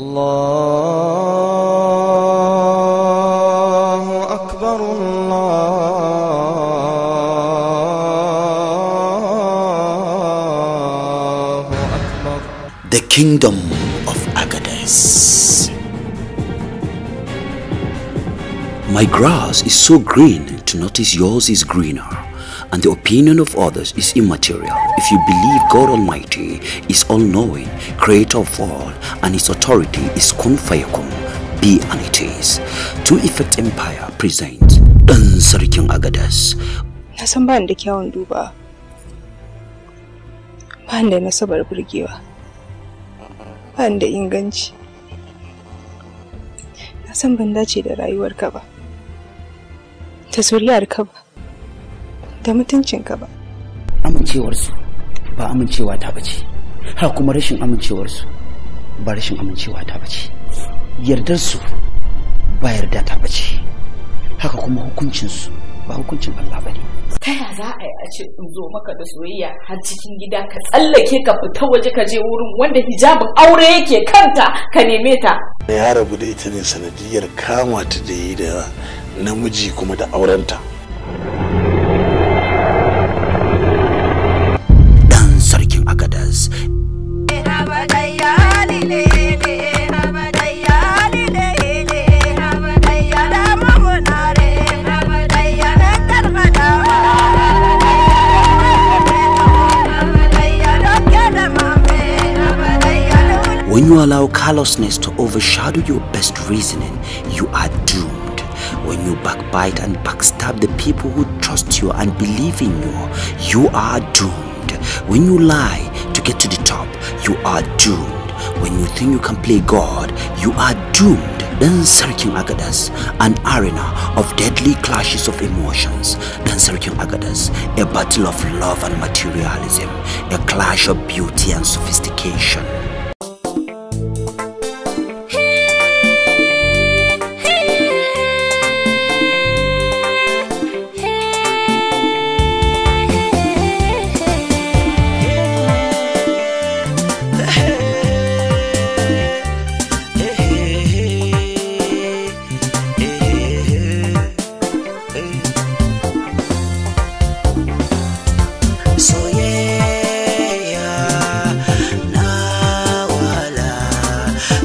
الله أكبر الله أكبر The Kingdom of Agadez My grass is so green to notice yours is greener and the opinion of others is immaterial. If you believe God Almighty is all-knowing, creator of all, and his authority is kun be and it is. To Effect Empire presents Dan Sarkin Agadas. Na san ba da kyawun duba. Ba da nasabar burgewa. Ba da inganci. Na da rayuwarka da mutuncinka ba amincewarsu ba amincewa ta bace ha kuma rashin amincewarsu ba rashin amincewa ta bace yardarsu ba yarda ta bace haka kuma hukuncinsu ba hukuncin Allah ba ne ta ya za a yi a ce in zo maka da soyayya har cikin gida ka tsallake ka fita waje ka je wurin wanda hijabin aure yake kanta ka neme ta ya rabu da ita ne sanadiyar kama ta da yi da namiji kuma da aurenta When you allow callousness to overshadow your best reasoning, you are doomed. When you backbite and backstab the people who trust you and believe in you, you are doomed. When you lie to get to the top, you are doomed. When you think you can play God, you are doomed. Dan Sarkin Agadas, an arena of deadly clashes of emotions. Dan Sarkin Agadas, a battle of love and materialism, a clash of beauty and sophistication.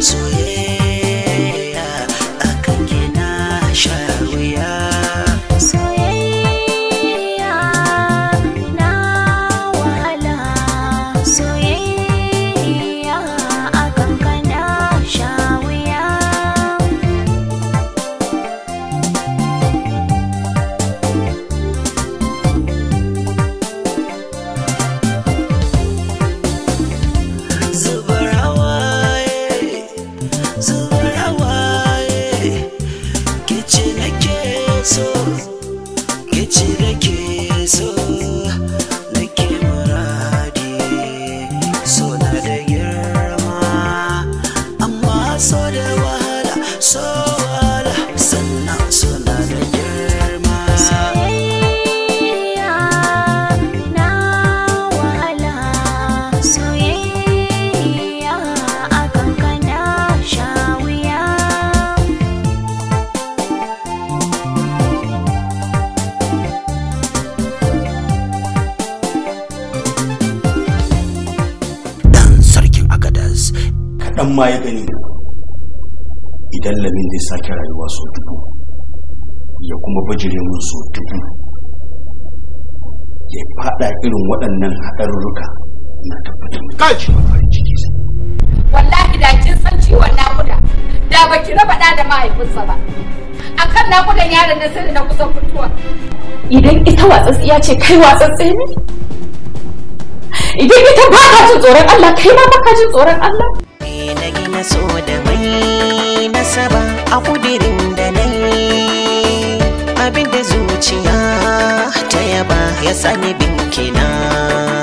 soyez. ma ya gani idan lamin zai sake rayuwa sau dubu ya kuma bajire mun sau dubu ya fada irin waɗannan haɗarurruka na tabbatar kaji farin ciki wallahi da kin san ciwon nakuda da baki raba da da mahaifinsa ba akan nakudan yaron da sai na kusan fituwa idan ita watsatsiya ce kai tsaye ne idan ita ba ka jin tsoron Allah kai ma ba ka jin tsoron Allah so da mai nasaba a kudirin da na abinda zuciya ta yaba ya sani binkina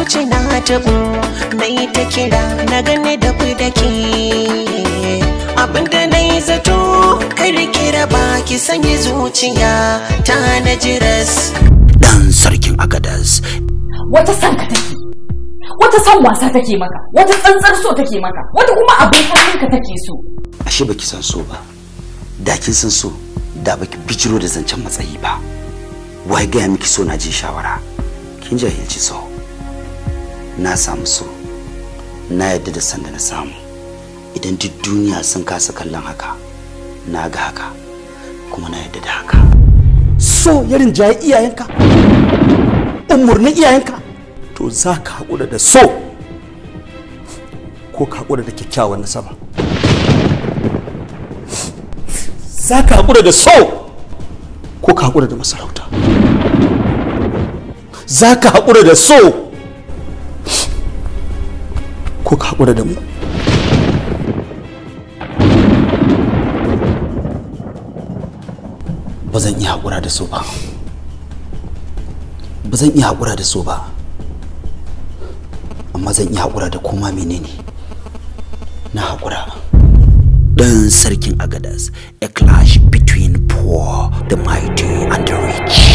zuci na tabu mai ta kira na gane da ku da ke abinda yi zato kar kira ki sanya zuciya ta na jiras dan sarkin agadas wata ka take wata san wasa take maka wata tsantsar so take maka wata kuma abin ka take so ashe baki san so ba da kin san so da baki bijiro da zancen matsayi ba wai gaya miki so na ji shawara kin jahilci so na samu so na yadda da sanda na samu idan duk duniya sun kasa kallon haka na ga haka kuma na yadda da haka so ya rinjaye iyayenka umarnin iyayenka to za ka haƙura da so ko ka haƙura da kyakkyawan nasaba za ka haƙura da so ko ka haƙura da masarauta za ka haƙura da so ko ka haƙura da mu ba zan iya haƙura da su ba ba zan iya haƙura da su ba amma zan iya haƙura da koma menene na haƙura ɗan sarkin agadas a clash between poor the mighty and the rich